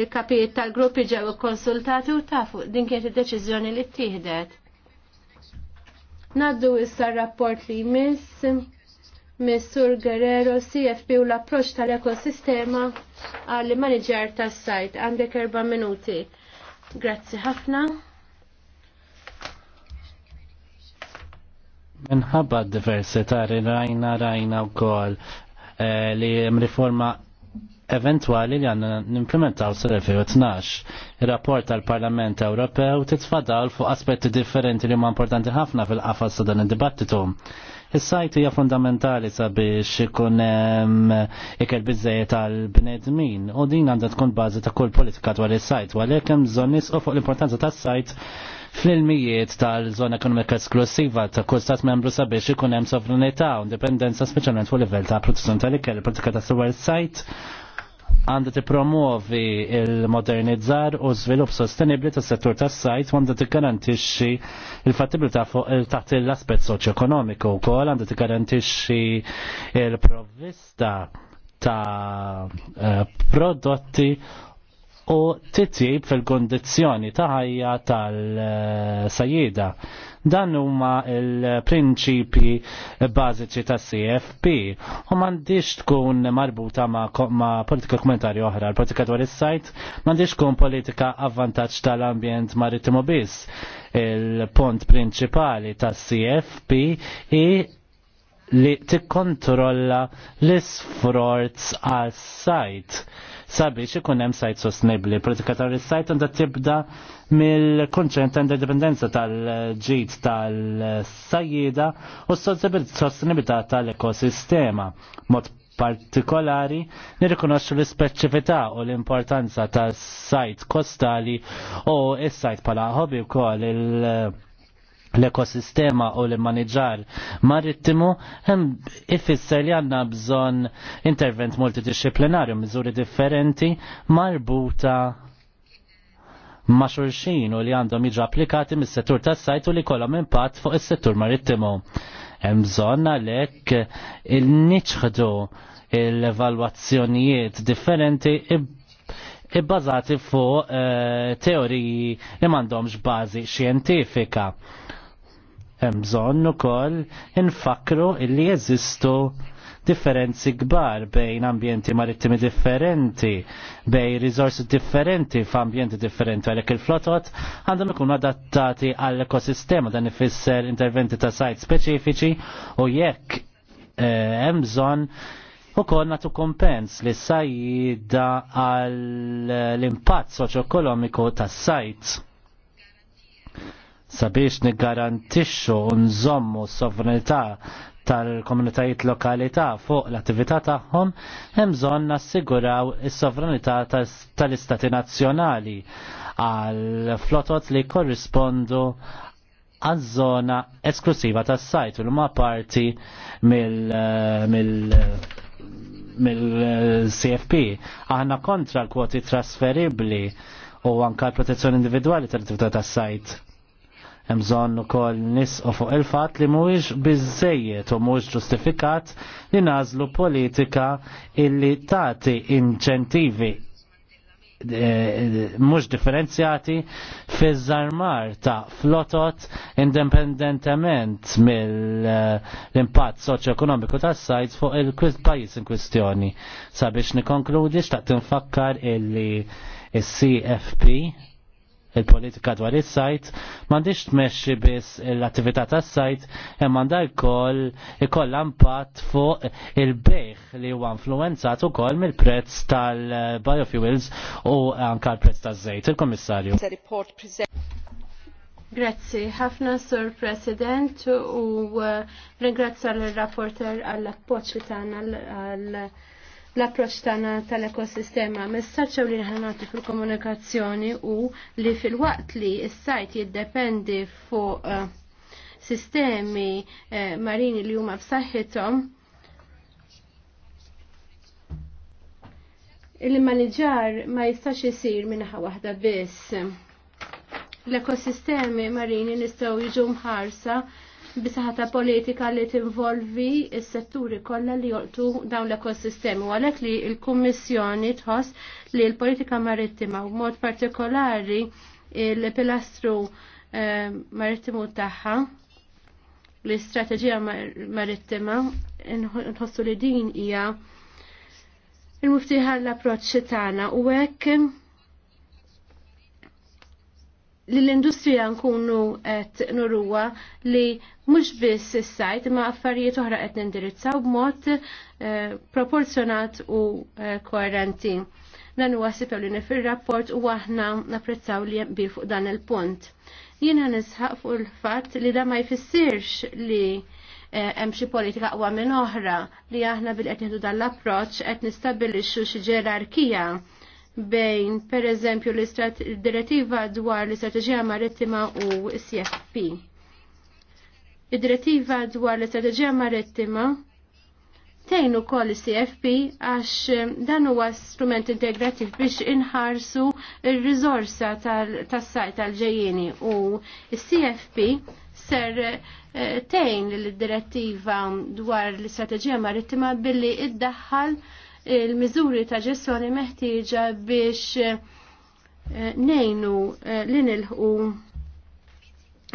il-kapijiet tal-gruppi ġew konsultati u tafu din kienet id-deċiżjoni li ttieħdet. Naddu issa rapport li jmiss Missur Guerrero CFP u l-approċ tal-ekosistema għall manager tas-sajt għandek erba' minuti. Grazzi ħafna. Minħabba diversità rajna rajna wkoll eh, li hemm riforma eventwali li għanna nimplementaw s 2012 Il-rapport tal-Parlament Ewropew titfadal fuq aspetti differenti li ma importanti ħafna fil-qafas sa' dan id-dibattitu. Is-sajt hija fundamentali sabiex ikun ikel bizzejiet tal-bnedmin u din għandha tkun bażi ta' kull politika dwar is-sajt, għalhekk hemm bżonn nisqu fuq l-importanza tas-sajt fl-ilmijiet tal-żona ekonomika esklusiva ta' kull stat membru sabiex ikun hemm sovranità u indipendenza speċjalment fuq livell ta' protezzjoni tal-ikel, politika ta' is sajt għandha tippromuovi il-modernizzar u svilup sostenibbli tas-settur tas-sajt għanda għandha tikkarantixxi il-fattibilità fuq taħt l-aspett kol wkoll għandha tikkarantixxi il-provvista ta' eh, prodotti u titjib fil kondizjoni ta' ħajja tal-sajjida. Dan huma il-prinċipi bażiċi ta' CFP u m'għandix tkun marbuta ma', ma politika komentari oħra, l-politika dwar is-sajt m'għandix tkun politika avvantaġġ tal-ambjent marittimu biss. Il-punt prinċipali ta' CFP hi li tikkontrolla l-isfrorz għal-sajt sabiex ikun hemm sajt sostenibbli. Politika tal sajt għandha tibda mill-kunċent ta' indipendenza tal-ġid tal-sajjida u s-sostenibilità tal-ekosistema. Mod partikolari nirrikonoxxu l-ispeċifità u l-importanza tas-sajt kostali u s-sajt bħala hobby wkoll il- l-ekosistema u l-maniġar marittimu hemm ifisser li għandna bżonn intervent multidisciplinarju miżuri differenti marbuta ma' xulxin u li għandhom jiġu applikati mis-settur tas-sajt u li kollhom impatt fuq is-settur marittimu. Hemm bżonn għalhekk il-niċħdu l-evalwazzjonijiet differenti ibbażati fuq eh, teoriji li m'għandhomx bażi xjentifika Hemm bżonn ukoll infakru illi jeżistu differenzi kbar bejn ambjenti marittimi differenti, bejn risorsi differenti f'ambjenti differenti għalhekk il-flotot għandhom ikunu adattati għall ekosistema dan ifisser interventi ta' sajt speċifiċi u jekk eh, hemm eh, bżonn ukoll nagħtu kompens li sajjida għall impatt impatt soċjoekonomiku tas-sajt sabiex niggarantixxu nżommu s-sovranità tal-komunitajiet lokali ta' fuq l-attività tagħhom hemm bżonn nassiguraw is-sovranità tal-istati nazzjonali għal flotot li korrispondu għaż-żona esklusiva tas-sajt u huma parti mill eh, mill-CFP. Eh, eh, Aħna kontra l-kwoti trasferibbli u anka l-protezzjoni individwali tal-attività tas-sajt Mżon u kol u fuq il-fat li mhuwiex bizzejiet u mhuwiex ġustifikat li nazlu politika illi tagħti inċentivi eh, eh, mhux differenzjati fi zarmar ta' flotot indipendentement mill-impatt soċjo-ekonomiku tas-sajt fuq il-pajjiż in kwistjoni. Sabiex nikonkludi xtaqt infakkar illi is-CFP il-politika dwar is-sajt, m'għandix tmexxi biss l-attività tas-sajt, hemm għandha jkoll ikollha impatt fuq il-bejħ li huwa influenzat ukoll mill-prezz tal-biofuels u anke l-prezz taż-żejt. il komissarju Grazzi, ħafna Sur President u uh, ringrazzja l-rapporter għall-appoċ li tagħna għall l-approċ tagħna tal-ekosistema. Messaġġew li nagħtu fil-komunikazzjoni u li fil-waqt li s-sajt jiddependi fuq eh, sistemi eh, marini li huma b'saħħithom il-maniġar ma jistax isir minnaħa waħda biss l-ekosistemi marini nistaw jiġu mħarsa bisaħta politika li tinvolvi s-setturi kollha li joqtu dawn l-ekosistemi. Għalhekk li l-Kummissjoni tħoss li l-politika marittima u mod partikolari il-pilastru eh, marittimu tagħha l-istrateġija marittima nħossu li din hija il-muftiħa l-approċċ tagħna u hekk li l-industrija nkunu qed nurruha li mhux biss is-sajt ma' affarijiet oħra qed nindirizzaw b'mod eh, proporzjonat u eh, koerenti. Dan huwa sifew li nifir rapport u aħna napprezzaw li bi fuq dan il-punt. Jiena nisħaq fuq il-fatt li da ma jfissirx li eh, hemm xi politika qwa minn oħra li aħna bil-qed dan l-approċċ qed nistabbilixxu xi ġerarkija bejn per eżempju l-direttiva dwar l-istrateġija marittima u CFP. Id-direttiva dwar l-istrateġija marittima tejnu kol CFP għax eh, dan huwa strument integrativ biex inħarsu il-rizorsa tas-sajt tal-ġejjini u CFP ser eh, tejn l-direttiva dwar l-istrateġija marittima billi iddaħħal daħħal il-miżuri ta' ġestjoni meħtieġa biex eh, nejnu eh, li nilħu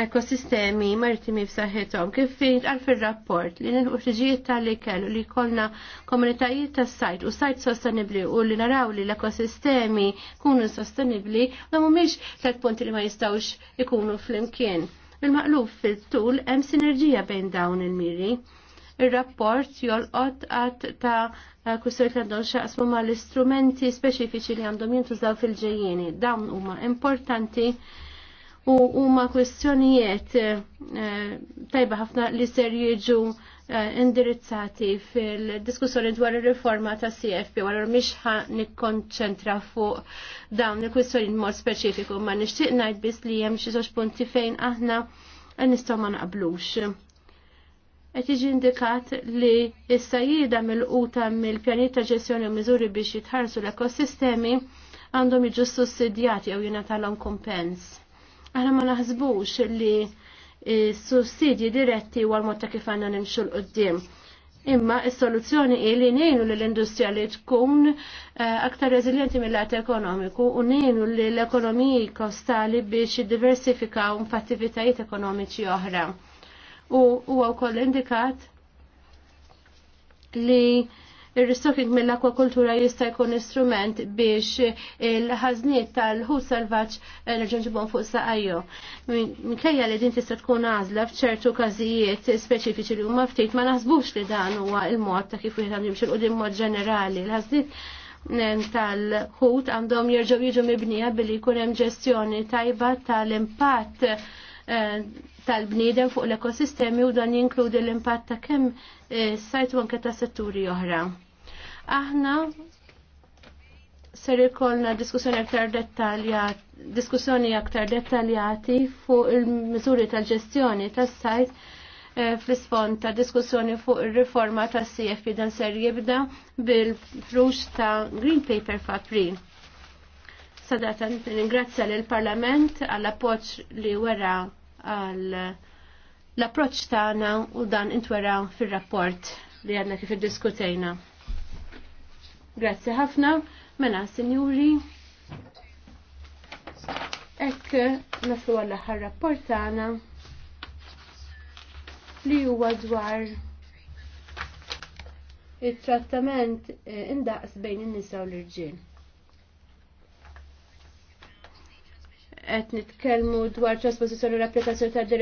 ekosistemi maritimi f'saħħithom kif fejn għal fir-rapport li nilħu ħtiġijiet tal-li kellu li jkollna komunitajiet tas-sajt u sajt sostenibbli u li naraw li l-ekosistemi kunu sostenibbli ma mhumiex tat punti li ma jistgħux ikunu flimkien. Il-maqluf fil-tul hemm sinerġija bejn dawn il-miri. Il-rapport jolqot għat ta' kustur kandon għandhom xaqsmu ma' l-istrumenti speċifiċi li għandhom jintużaw fil-ġejjeni. Dawn huma importanti u huma kwestjonijiet eh, tajba ħafna li ser jiġu eh, indirizzati fil-diskussjoni dwar ir-riforma ta' CFP wara mhix ħa nikkonċentra fuq dawn il-kwistjoni mod speċifiku ma nixtieq ngħid biss li hemm xi punti fejn aħna nistgħu ma naqblux qed jiġi indikat li s-sajjida mill-quta mill-pjanijiet ta' ġestjoni u miżuri biex jitħarsu l-ekosistemi għandhom jiġu sussidjati jew jingħatalhom kumpens. Aħna ma naħsbux li s sussidji diretti huwa l-mod ta' kif għandna nimxu l Imma s-soluzzjoni hi li ngħinu lill industrija li tkun eh, aktar reżiljenti mill-lat ekonomiku u ngħinu lill ekonomiji kostali biex jiddiversifikaw f'attivitajiet ekonomiċi oħra u huwa wkoll indikat li il-ristocking mill-akwakultura jista' jkun instrument biex il-ħażniet tal-ħut salvaġġ nerġgħu fuq saqajjo. Minkejja li din tista' tkun għażla f'ċertu każijiet speċifiċi li huma ftit ma naħsbux li dan huwa l-mod ta' kif wieħed jimxu l-qudiem mod ġenerali. L-ħażniet tal-ħut għandhom jerġgħu jiġu mibnija billi jkun hemm ġestjoni tajba tal-impatt eh, tal-bniedem fuq l-ekosistemi u dan jinkludi l-impatt ta' kemm eh, u anke ta' setturi oħra. Aħna ser ikollna diskussjoni aktar dettaljat, diskussjoni aktar dettaljati fuq il-miżuri tal-ġestjoni tas-sajt eh, fl-isfond ta' diskussjoni fuq ir-riforma tas CFP dan ser jibda bil-frux ta' Green Paper f'April. Sadatan, ringrazzja l-Parlament għall-appoġġ li wera għal l-approċ tagħna u dan intwera fir-rapport li għadna kif iddiskutejna. Grazzi ħafna, mela sinjuri. Ekk naslu għall aħħar rapport tagħna li huwa dwar it-trattament eh, indaqs bejn in-nisa u l-irġiel. qed nitkellmu dwar trasposizzjoni l-applikazzjoni ta'